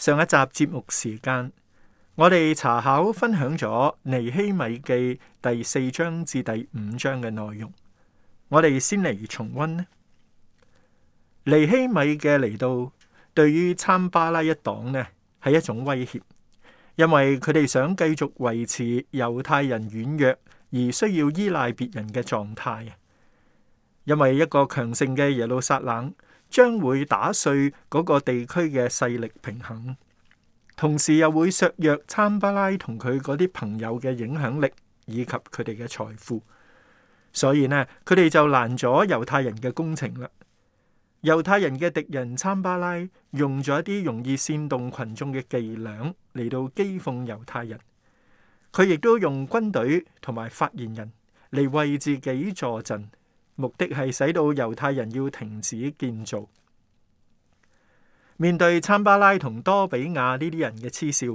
上一集節目時間，我哋查考分享咗尼希米記第四章至第五章嘅內容。我哋先嚟重溫，尼希米嘅嚟到對於參巴拉一黨呢，係一種威脅，因為佢哋想繼續維持猶太人軟弱而需要依賴別人嘅狀態。因為一個強盛嘅耶路撒冷，將會打碎嗰個地區嘅勢力平衡，同時又會削弱參巴拉同佢嗰啲朋友嘅影響力以及佢哋嘅財富，所以呢，佢哋就攔咗猶太人嘅工程啦。猶太人嘅敵人參巴拉用咗一啲容易煽動群眾嘅伎倆嚟到譏諷猶太人，佢亦都用軍隊同埋發言人嚟為自己助陣。目的係使到猶太人要停止建造。面對參巴拉同多比亞呢啲人嘅嗤笑，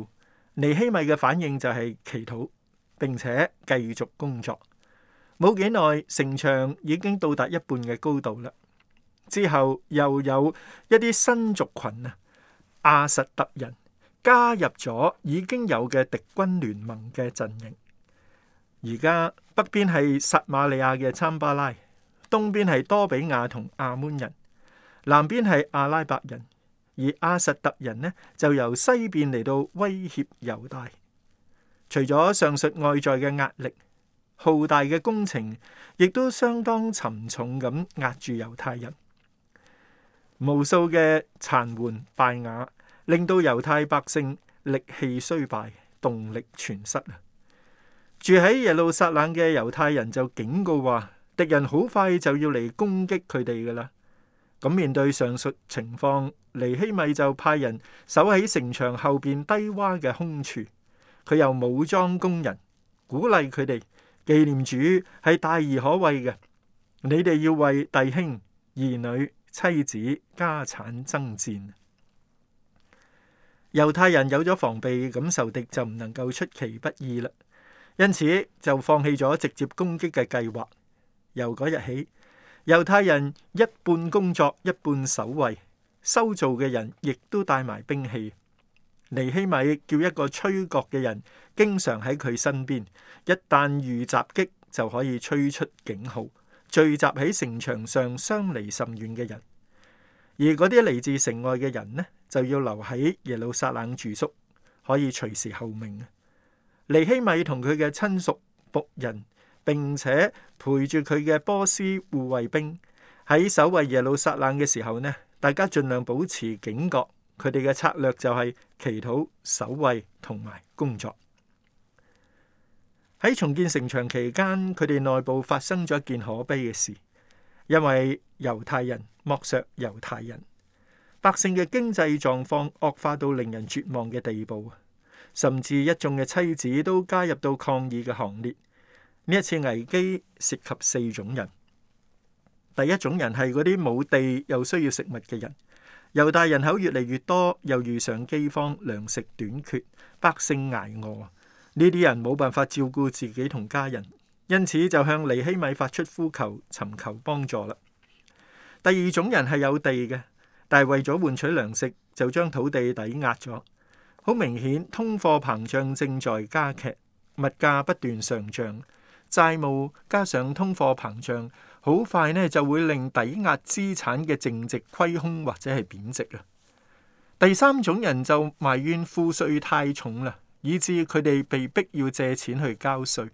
尼希米嘅反應就係祈禱，並且繼續工作。冇幾耐，城牆已經到達一半嘅高度啦。之後又有一啲新族群啊，亞實突人加入咗已經有嘅敵軍聯盟嘅陣營。而家北邊係撒馬利亞嘅參巴拉。東邊係多比亞同亞捫人，南邊係阿拉伯人，而亞實突人呢就由西邊嚟到威脅猶大。除咗上述外在嘅壓力，浩大嘅工程亦都相當沉重咁壓住猶太人。無數嘅殘垣敗瓦，令到猶太百姓力氣衰敗，動力全失。住喺耶路撒冷嘅猶太人就警告話。敵人好快就要嚟攻擊佢哋噶啦。咁面對上述情況，尼希米就派人守喺城牆後邊低洼嘅空處。佢又武裝工人，鼓勵佢哋紀念主係大而可畏嘅。你哋要為弟兄、兒女、妻子、家產爭戰。猶太人有咗防備，咁仇敵就唔能夠出其不意啦。因此就放棄咗直接攻擊嘅計劃。由嗰日起，猶太人一半工作，一半守衛。修造嘅人亦都帶埋兵器。尼希米叫一個吹角嘅人，經常喺佢身邊，一旦遇襲擊就可以吹出警號。聚集喺城牆上相離甚遠嘅人，而嗰啲嚟自城外嘅人呢，就要留喺耶路撒冷住宿，可以隨時候命。尼希米同佢嘅親屬僕人。並且陪住佢嘅波斯護衛兵喺守衛耶路撒冷嘅時候呢，大家盡量保持警覺。佢哋嘅策略就係祈禱、守衛同埋工作。喺重建城牆期間，佢哋內部發生咗一件可悲嘅事，因為猶太人剝削猶太人，百姓嘅經濟狀況惡化到令人絕望嘅地步啊！甚至一眾嘅妻子都加入到抗議嘅行列。呢一次危機涉及四種人。第一種人係嗰啲冇地又需要食物嘅人，猶大人口越嚟越多，又遇上饑荒，糧食短缺，百姓捱餓。呢啲人冇辦法照顧自己同家人，因此就向尼希米發出呼求，尋求幫助啦。第二種人係有地嘅，但係為咗換取糧食就將土地抵押咗。好明顯，通貨膨脹正在加劇，物價不斷上漲。債務加上通貨膨脹，好快呢就會令抵押資產嘅淨值虧空或者係貶值啦。第三種人就埋怨賦稅太重啦，以致佢哋被逼要借錢去交稅。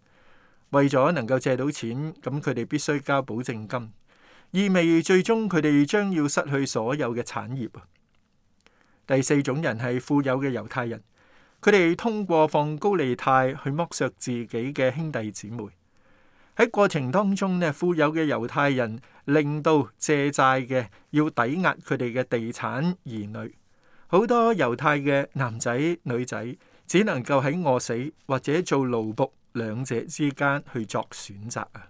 為咗能夠借到錢，咁佢哋必須交保證金，意味最終佢哋將要失去所有嘅產業。第四種人係富有嘅猶太人，佢哋通過放高利貸去剝削自己嘅兄弟姊妹。喺過程當中咧，富有嘅猶太人令到借債嘅要抵押佢哋嘅地產兒女，好多猶太嘅男仔女仔只能夠喺餓死或者做奴僕兩者之間去作選擇啊。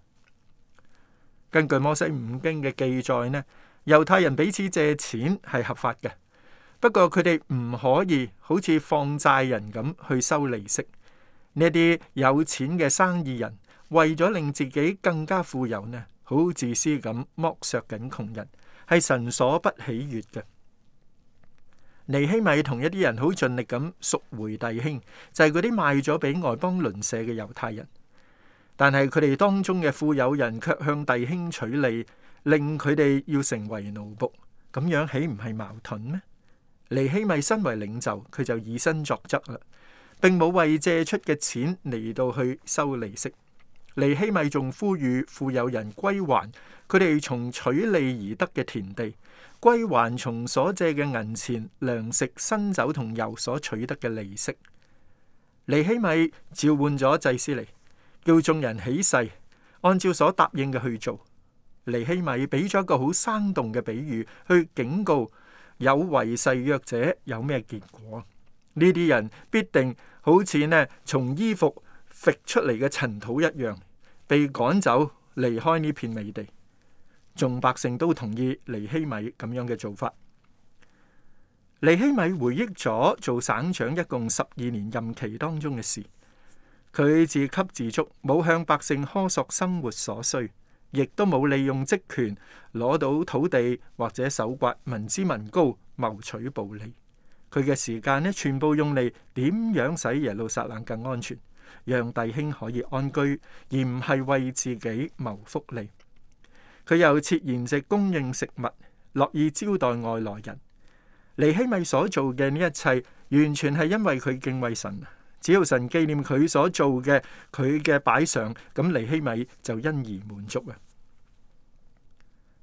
根據摩西五經嘅記載咧，猶太人彼此借錢係合法嘅，不過佢哋唔可以好似放債人咁去收利息。呢啲有錢嘅生意人。為咗令自己更加富有呢，好自私咁剝削緊窮人，係神所不喜悦嘅。尼希米同一啲人好盡力咁贖回弟兄，就係嗰啲賣咗俾外邦鄰舍嘅猶太人。但係佢哋當中嘅富有人卻向弟兄取利，令佢哋要成為奴僕，咁樣豈唔係矛盾咩？尼希米身為領袖，佢就以身作則啦，並冇為借出嘅錢嚟到去收利息。尼希米仲呼籲富有人歸還佢哋從取利而得嘅田地，歸還從所借嘅銀錢、糧食、新酒同油所取得嘅利息。尼希米召喚咗祭司嚟，叫眾人起誓，按照所答應嘅去做。尼希米俾咗一個好生動嘅比喻，去警告有違誓約者有咩結果。呢啲人必定好似呢從衣服揈出嚟嘅塵土一樣，被趕走離開呢片美地。眾百姓都同意尼希米咁樣嘅做法。尼希米回憶咗做省長一共十二年任期當中嘅事，佢自給自足，冇向百姓苛索生活所需，亦都冇利用職權攞到土地或者搜刮民脂民膏，謀取暴利。佢嘅時間呢，全部用嚟點樣使耶路撒冷更安全。讓弟兄可以安居，而唔係為自己謀福利。佢又設筵席供應食物，樂意招待外來人。尼希米所做嘅呢一切，完全係因為佢敬畏神。只要神紀念佢所做嘅，佢嘅擺上，咁尼希米就因而滿足啊。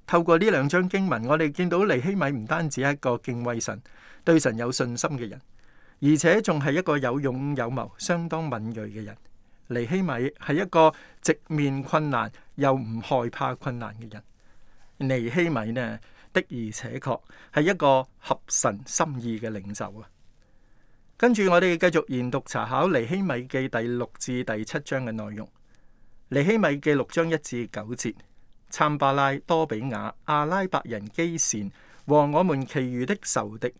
透過呢兩章經文，我哋見到尼希米唔單止係一個敬畏神、對神有信心嘅人。而且仲係一個有勇有謀、相當敏鋭嘅人。尼希米係一個直面困難又唔害怕困難嘅人。尼希米呢的而且確係一個合神心意嘅領袖啊！跟住我哋繼續研讀查考尼希米記第六至第七章嘅內容。尼希米記六章一至九節：參巴拉、多比雅、阿拉伯人基善和我們其餘的仇敵，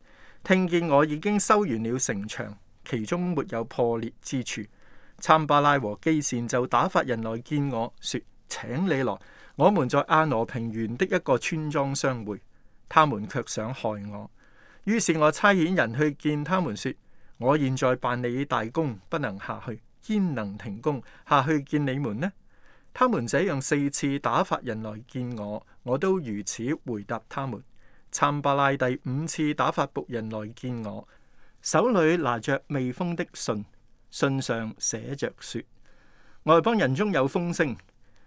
聽見我已經修完了城牆，其中沒有破裂之處。參巴拉和基善就打發人來見我說，請你來，我們在阿羅平原的一個村莊相會。他們卻想害我，於是我差遣人去見他們，說：我現在辦理大工，不能下去，焉能停工下去見你們呢？他們這樣四次打發人來見我，我都如此回答他們。參巴拉第五次打發僕人來見我，手裏拿着未封的信，信上寫着說：說外邦人中有風聲，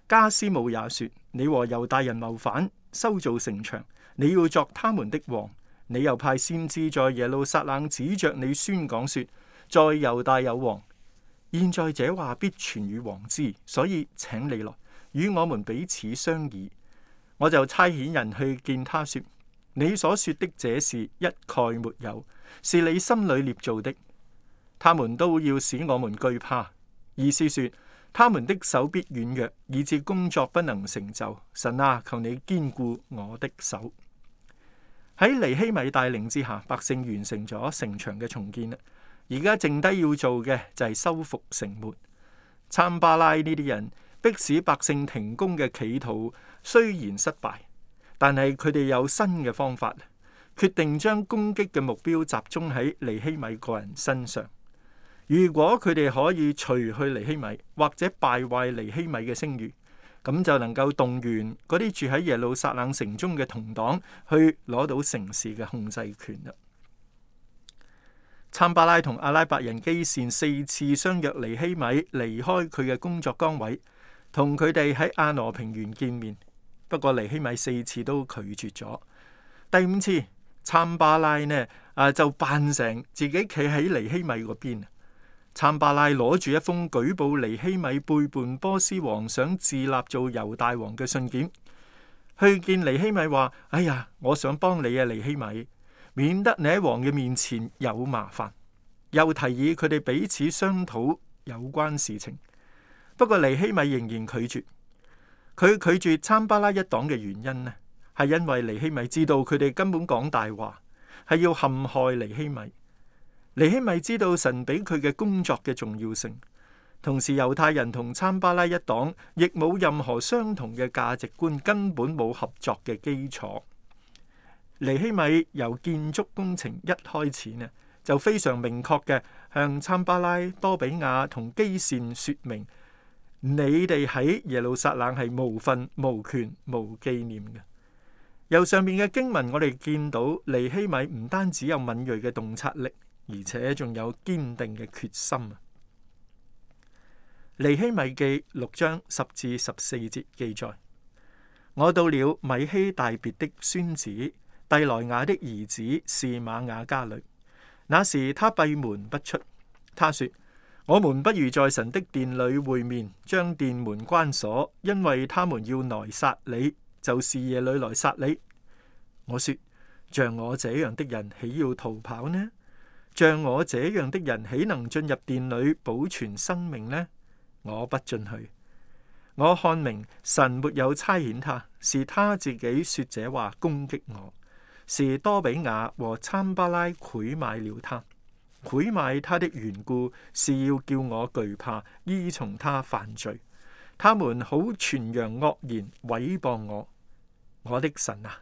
迦施慕也說你和猶大人謀反，修造城牆，你要作他們的王。你又派先知在耶路撒冷指着你宣講說，在猶大有王。現在這話必傳與王知。所以請你來與我們彼此商議。我就差遣人去見他說。你所說的這事一概沒有，是你心裏捏造的。他們都要使我們懼怕，意思說他們的手必軟弱，以致工作不能成就。神啊，求你堅固我的手。喺尼希米帶領之下，百姓完成咗城牆嘅重建。而家剩低要做嘅就係修復城門。參巴拉呢啲人迫使百姓停工嘅企圖雖然失敗。但係佢哋有新嘅方法，決定將攻擊嘅目標集中喺尼希米個人身上。如果佢哋可以除去尼希米，或者敗壞尼希米嘅聲譽，咁就能夠動員嗰啲住喺耶路撒冷城中嘅同黨去攞到城市嘅控制權啦。參巴拉同阿拉伯人基善四次相約尼希米離開佢嘅工作崗位，同佢哋喺阿羅平原見面。不過尼希米四次都拒絕咗，第五次，參巴拉呢，啊，就扮成自己企喺尼希米嗰邊。參巴拉攞住一封舉報尼希米背叛波斯王，想自立做猶大王嘅信件，去見尼希米話：哎呀，我想幫你啊，尼希米，免得你喺王嘅面前有麻煩。又提議佢哋彼此商討有關事情，不過尼希米仍然拒絕。佢拒絕參巴拉一黨嘅原因呢，係因為尼希米知道佢哋根本講大話，係要陷害尼希米。尼希米知道神俾佢嘅工作嘅重要性，同時猶太人同參巴拉一黨亦冇任何相同嘅價值觀，根本冇合作嘅基礎。尼希米由建築工程一開始呢，就非常明確嘅向參巴拉、多比亞同基善説明。你哋喺耶路撒冷係無份、無權、無紀念嘅。由上面嘅經文，我哋見到尼希米唔單止有敏銳嘅洞察力，而且仲有堅定嘅決心啊！尼希米記六章十至十四節記載：我到了米希大別的孫子蒂萊雅的兒子示瑪雅家裏，那時他閉門不出，他說。我們不如在神的殿裏會面，將殿門關鎖，因為他們要來殺你，就是夜裏來殺你。我說：像我這樣的人豈要逃跑呢？像我這樣的人豈能進入殿裏保全生命呢？我不進去。我看明神沒有差遣他，是他自己說這話攻擊我，是多比雅和參巴拉賄買了他。賄買他的緣故，是要叫我懼怕，依從他犯罪。他們好傳揚惡言，毀謗我。我的神啊，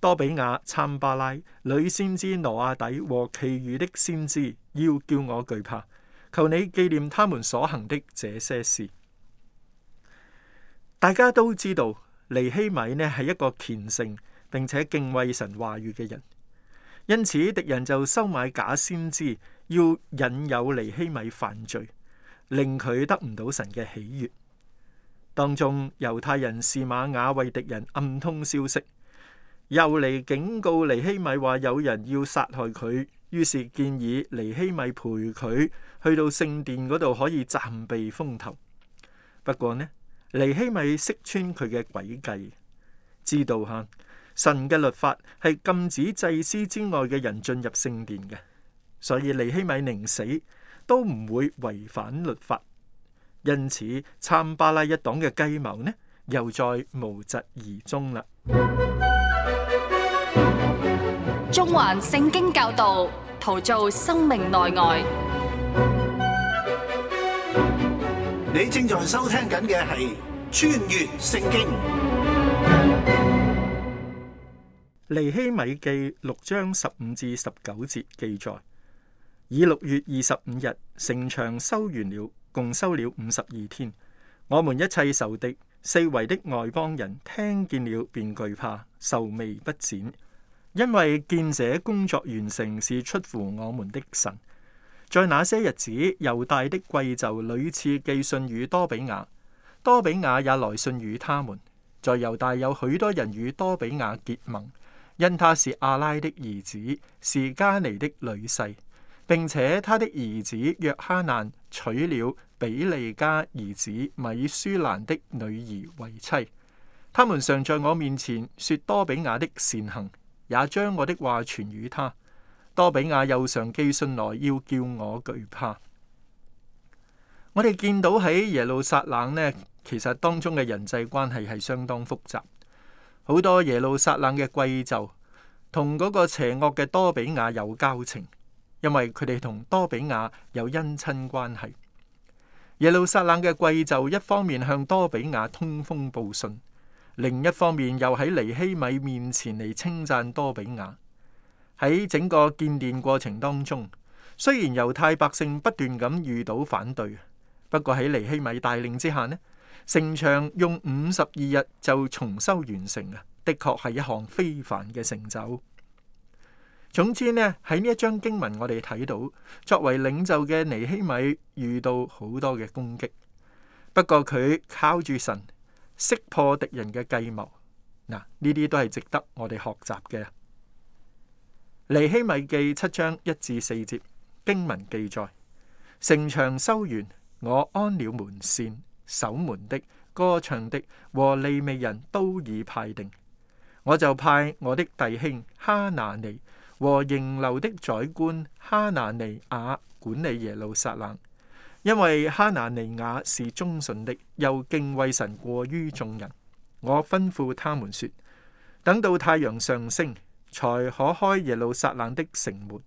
多比雅、參巴拉、女先知挪亞底和其餘的先知，要叫我懼怕。求你紀念他們所行的這些事。大家都知道尼希米呢係一個虔誠並且敬畏神話語嘅人。因此，敵人就收買假先知，要引誘尼希米犯罪，令佢得唔到神嘅喜悅。當中，猶太人士瑪雅為敵人暗通消息，又嚟警告尼希米話有人要殺害佢，於是建議尼希米陪佢去到聖殿嗰度可以暫避風頭。不過呢，尼希米識穿佢嘅詭計，知道吓。神嘅律法係禁止祭司之外嘅人進入聖殿嘅，所以尼希米寧死都唔會違反律法。因此，參巴拉一黨嘅計謀呢，又再無疾而終啦。中環聖經教導，陶造生命內外。你正在收聽緊嘅係《穿越聖經》。尼希米記六章十五至十九節記載：以祿月二十五日，城牆修完了，共修了五十二天。我們一切仇敵、四圍的外邦人聽見了，便懼怕，愁眉不展，因為見這工作完成是出乎我們的神。在那些日子，猶大的貴冑屢次寄信與多比亞，多比亞也來信與他們。在猶大有許多人與多比亞結盟。因他是亞拉的兒子，是加尼的女婿，並且他的兒子約哈難娶了比利家兒子米舒蘭的女兒為妻。他們常在我面前說多比雅的善行，也將我的話傳與他。多比雅又常寄信來，要叫我懼怕。我哋見到喺耶路撒冷呢，其實當中嘅人際關係係相當複雜。好多耶路撒冷嘅貴胄同嗰個邪惡嘅多比亞有交情，因為佢哋同多比亞有姻親關係。耶路撒冷嘅貴胄一方面向多比亞通風報信，另一方面又喺尼希米面前嚟稱讚多比亞。喺整個建殿過程當中，雖然猶太百姓不斷咁遇到反對，不過喺尼希米帶領之下呢，城牆用五十二日就重修完成啊！的確係一項非凡嘅成就。總之呢，喺呢一張經文我哋睇到，作為領袖嘅尼希米遇到好多嘅攻擊，不過佢靠住神識破敵人嘅計謀，嗱呢啲都係值得我哋學習嘅。尼希米記七章一至四節經文記載：城牆修完，我安了門扇。守門的、歌唱的和利未人都已派定，我就派我的弟兄哈拿尼和營樓的宰官哈拿尼亞管理耶路撒冷，因為哈拿尼亞是忠信的，又敬畏神過於眾人。我吩咐他們說：等到太陽上升，才可開耶路撒冷的城門；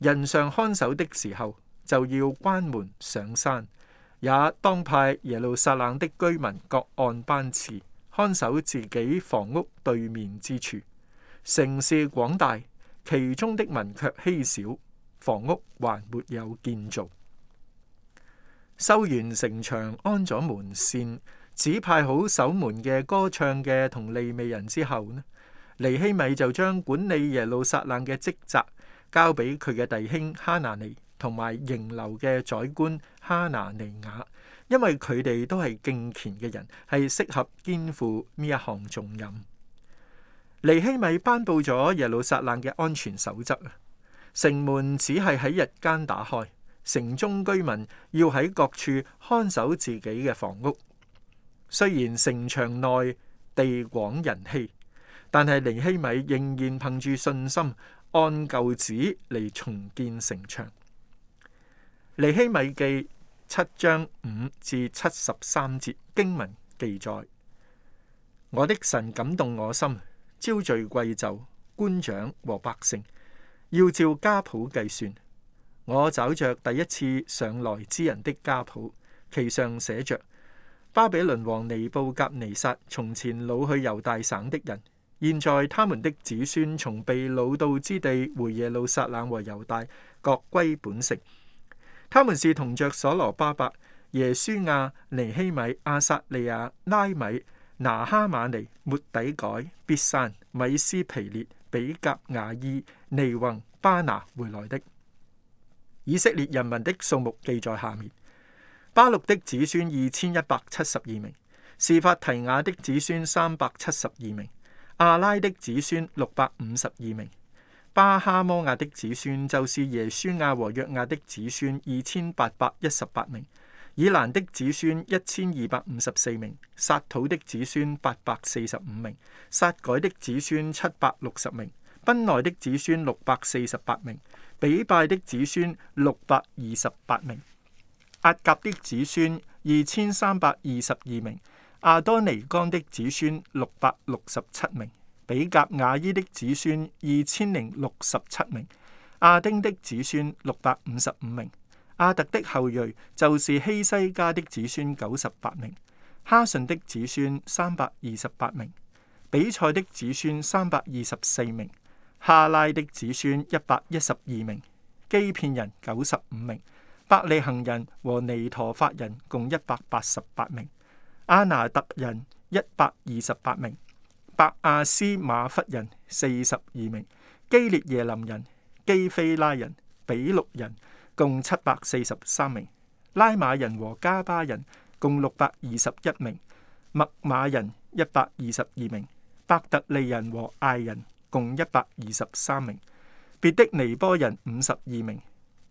人尚看守的時候，就要關門上山。也當派耶路撒冷的居民各按班次看守自己房屋對面之處。城市廣大，其中的民卻稀少，房屋還沒有建造。修完城牆，安咗門扇，指派好守門嘅歌唱嘅同利未人之後呢，尼希米就將管理耶路撒冷嘅職責交俾佢嘅弟兄哈拿尼。同埋，仍留嘅宰官哈拿尼亞，因為佢哋都係敬虔嘅人，係適合肩負呢一項重任。尼希米頒布咗耶路撒冷嘅安全守則啊，城門只係喺日間打開，城中居民要喺各處看守自己嘅房屋。雖然城牆內地廣人稀，但係尼希米仍然憑住信心按舊址嚟重建城牆。尼希米記七章五至七十三節經文記載：我的神感動我心，招聚貴胄，官長和百姓，要照家譜計算。我找着第一次上來之人的家譜，其上寫着巴比倫王尼布甲尼撒從前擄去猶大省的人，現在他們的子孫從被擄到之地回耶路撒冷和猶大，各歸本城。他們是同着所羅巴伯、耶舒亞、尼希米、阿撒利亞、拉米、拿哈瑪尼、末底改、必散、米斯皮列、比格亞伊、尼宏、巴拿回來的。以色列人民的數目記在下面：巴錄的子孫二千一百七十二名，示法提雅的子孫三百七十二名，阿拉的子孫六百五十二名。巴哈摩亞的子孫就是耶書亞和約亞的子孫，二千八百一十八名；以蘭的子孫一千二百五十四名；薩土的子孫八百四十五名；薩改的子孫七百六十名；賓內的子孫六百四十八名；比拜的子孫六百二十八名；阿甲的子孫二千三百二十二名；阿多尼剛的子孫六百六十七名。比格瓦伊的子孫二千零六十七名，阿丁的子孫六百五十五名，阿特的後裔就是希西家的子孫九十八名，哈順的子孫三百二十八名，比賽的子孫三百二十四名，哈拉的子孫一百一十二名，基遍人九十五名，伯利恆人和尼陀法人共一百八十八名，阿拿特人一百二十八名。白亞斯馬弗人四十二名，基列耶林人、基非拉人、比錄人共七百四十三名，拉馬人和加巴人共六百二十一名，麥馬人一百二十二名，伯特利人和艾人共一百二十三名，別的尼波人五十二名，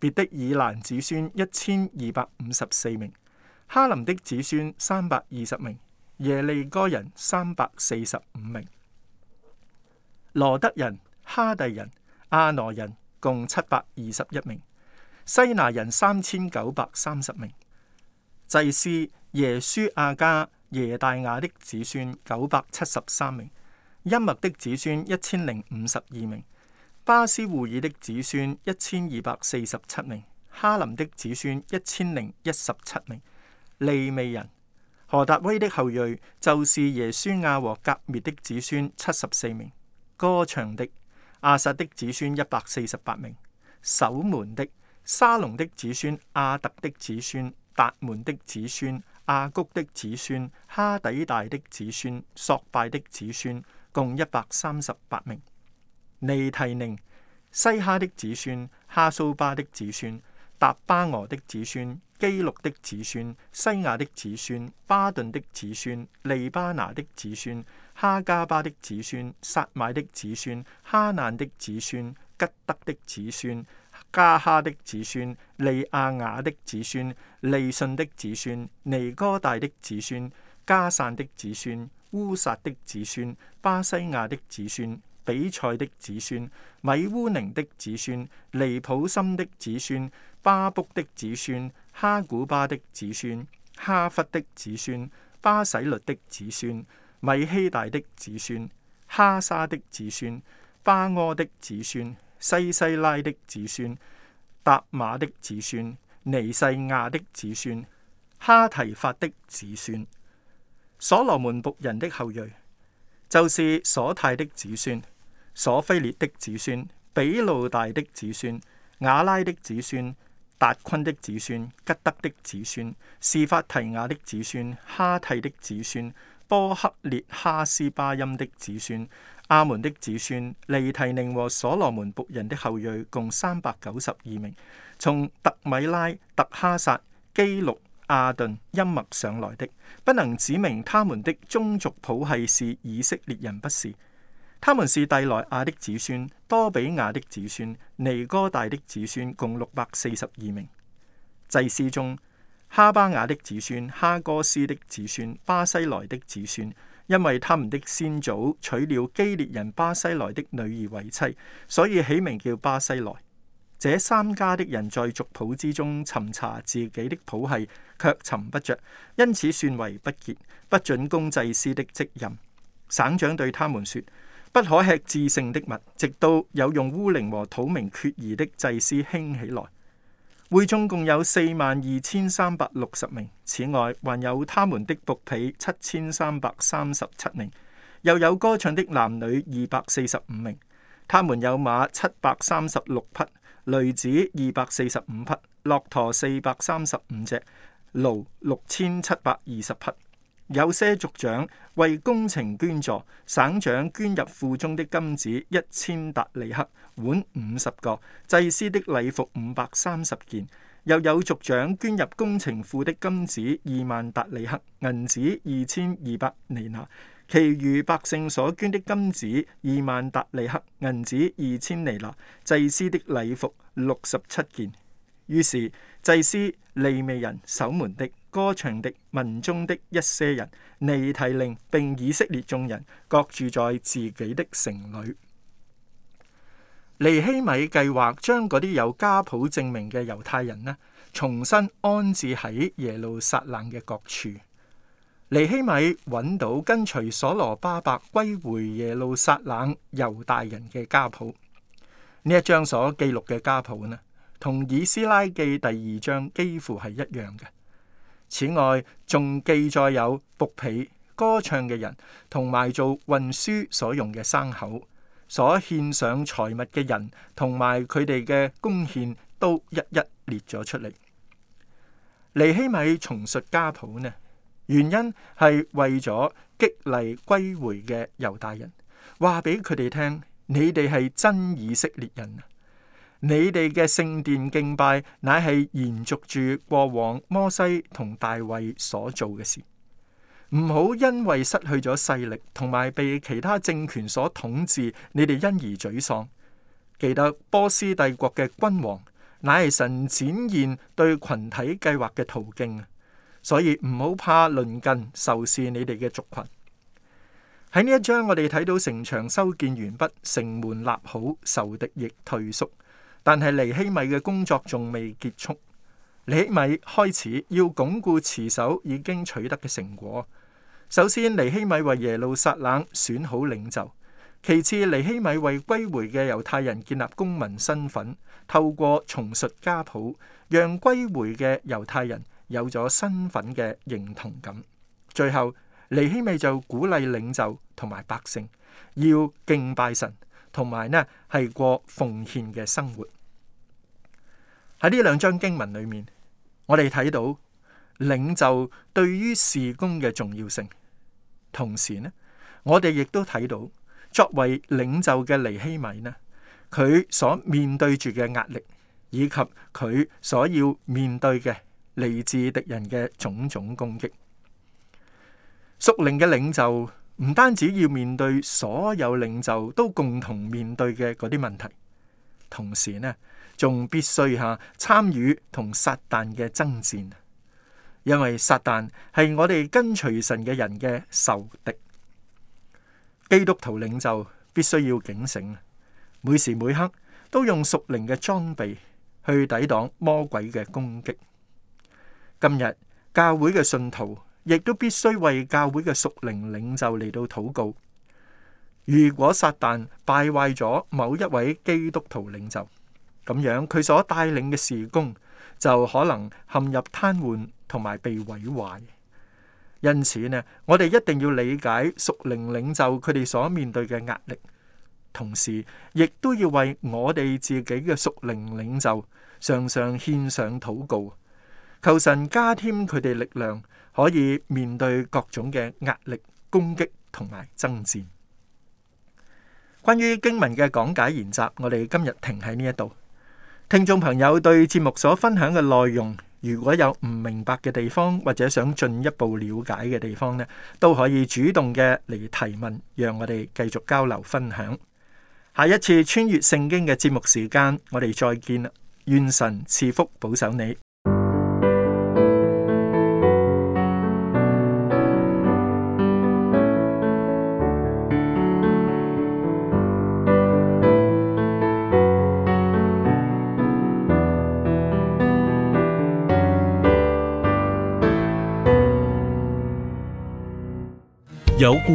別的以蘭子孫一千二百五十四名，哈林的子孫三百二十名。耶利哥人三百四十五名，羅德人、哈蒂人、阿諾人共七百二十一名，西拿人三千九百三十名，祭司耶舒阿加耶大雅的子孫九百七十三名，音麥的子孫一千零五十二名，巴斯胡爾的子孫一千二百四十七名，哈林的子孫一千零一十七名，利未人。何達威的後裔就是耶書亞和革滅的子孫七十四名，歌唱的亞薩的子孫一百四十八名，守門的沙龍的子孫、阿特的子孫、達門的子孫、阿谷的子孫、哈底大的子孫、索拜的子孫，共一百三十八名，尼提寧西哈的子孫、哈蘇巴的子孫、達巴俄的子孫。基祿的子孫、西亞的子孫、巴頓的子孫、利巴拿的子孫、哈加巴的子孫、撒買的子孫、哈難的子孫、吉德的子孫、加哈的子孫、利亞雅的子孫、利信的子孫、尼哥大的子孫、加散的子孫、烏撒的子孫、巴西亞的子孫、比賽的子孫、米烏寧的子孫、利普森的子孫、巴卜的子孫。哈古巴的子孫、哈忽的子孫、巴洗律的子孫、米希大的子孫、哈沙的子孫、巴柯的子孫、西西拉的子孫、達馬的子孫、尼細亞的子孫、哈提法的子孫，所羅門僕人的後裔，就是瑣太的子孫、瑣斐列的子孫、比路大的子孫、雅拉的子孫。達坤的子孫、吉德的子孫、事法提亞的子孫、哈替的子孫、波克列哈斯巴音的子孫、阿門的子孫、利提寧和所羅門僕人的後裔共三百九十二名，從特米拉、特哈薩、基祿、阿頓、音麥上來的，不能指明他們的宗族譜系是以色列人不是。他們是蒂萊亞的子孫、多比亞的子孫、尼哥大的子孫，共六百四十二名。祭司中，哈巴雅的子孫、哈哥斯的子孫、巴西萊的子孫，因為他們的先祖娶了基列人巴西萊的女兒為妻，所以起名叫巴西萊。這三家的人在族譜之中尋查自己的譜系，却尋不着，因此算為不潔，不准供祭司的職任。省長對他們說。不可吃至聖的物，直到有用烏陵和土明決疑的祭司興起來。會中共有四萬二千三百六十名，此外還有他們的僕婢七千三百三十七名，又有歌唱的男女二百四十五名。他們有馬七百三十六匹，騾子二百四十五匹，駱駝四百三十五隻，驢六千七百二十匹。有些族長為工程捐助，省長捐入庫中的金子一千達里克，碗五十個；祭司的禮服五百三十件。又有族長捐入工程庫的金子二萬達里克，銀子二千二百尼納；其餘百姓所捐的金子二萬達里克，銀子二千尼納；祭司的禮服六十七件。於是祭司利未人守門的。歌唱的民中的一些人尼提令，並以色列眾人各住在自己的城裏。尼希米計劃將嗰啲有家譜證明嘅猶太人呢，重新安置喺耶路撒冷嘅各處。尼希米揾到跟隨所羅巴伯歸回耶路撒冷猶大人嘅家譜呢，一張所記錄嘅家譜呢，同以斯拉記第二章幾乎係一樣嘅。此外，仲記載有僕婢歌唱嘅人，同埋做運輸所用嘅牲口，所獻上財物嘅人，同埋佢哋嘅貢獻都一一列咗出嚟。尼希米重述家譜呢，原因係為咗激勵歸回嘅猶大人，話俾佢哋聽，你哋係真以色列人。你哋嘅聖殿敬拜乃係延續住過往摩西同大衛所做嘅事，唔好因為失去咗勢力同埋被其他政權所統治，你哋因而沮喪。記得波斯帝國嘅君王乃係神展現對群體計劃嘅途徑，所以唔好怕鄰近仇視你哋嘅族群。喺呢一章，我哋睇到城牆修建完畢，城門立好，仇敵亦退縮。但係尼希米嘅工作仲未結束，尼希米開始要鞏固持守已經取得嘅成果。首先，尼希米為耶路撒冷選好領袖；其次，尼希米為歸回嘅猶太人建立公民身份，透過重述家譜，讓歸回嘅猶太人有咗身份嘅認同感。最後，尼希米就鼓勵領袖同埋百姓要敬拜神，同埋呢係過奉獻嘅生活。喺呢兩章經文裏面，我哋睇到領袖對於事工嘅重要性。同時呢，我哋亦都睇到作為領袖嘅尼希米呢，佢所面對住嘅壓力，以及佢所要面對嘅嚟自敵人嘅種種攻擊。屬靈嘅領袖唔單止要面對所有領袖都共同面對嘅嗰啲問題。同時呢，仲必須吓參與同撒但嘅爭戰，因為撒但係我哋跟隨神嘅人嘅仇敵。基督徒領袖必須要警醒，每時每刻都用屬靈嘅裝備去抵擋魔鬼嘅攻擊。今日教會嘅信徒亦都必須為教會嘅屬靈領袖嚟到禱告。如果撒旦敗壞咗某一位基督徒領袖，咁樣佢所帶領嘅事工就可能陷入癱瘓同埋被毀壞。因此呢，我哋一定要理解屬靈領袖佢哋所面對嘅壓力，同時亦都要為我哋自己嘅屬靈領袖常常獻上禱告，求神加添佢哋力量，可以面對各種嘅壓力、攻擊同埋爭戰。關於經文嘅講解研習，我哋今日停喺呢一度。聽眾朋友對節目所分享嘅內容，如果有唔明白嘅地方，或者想進一步了解嘅地方咧，都可以主動嘅嚟提問，讓我哋繼續交流分享。下一次穿越聖經嘅節目時間，我哋再見啦！願神賜福保守你。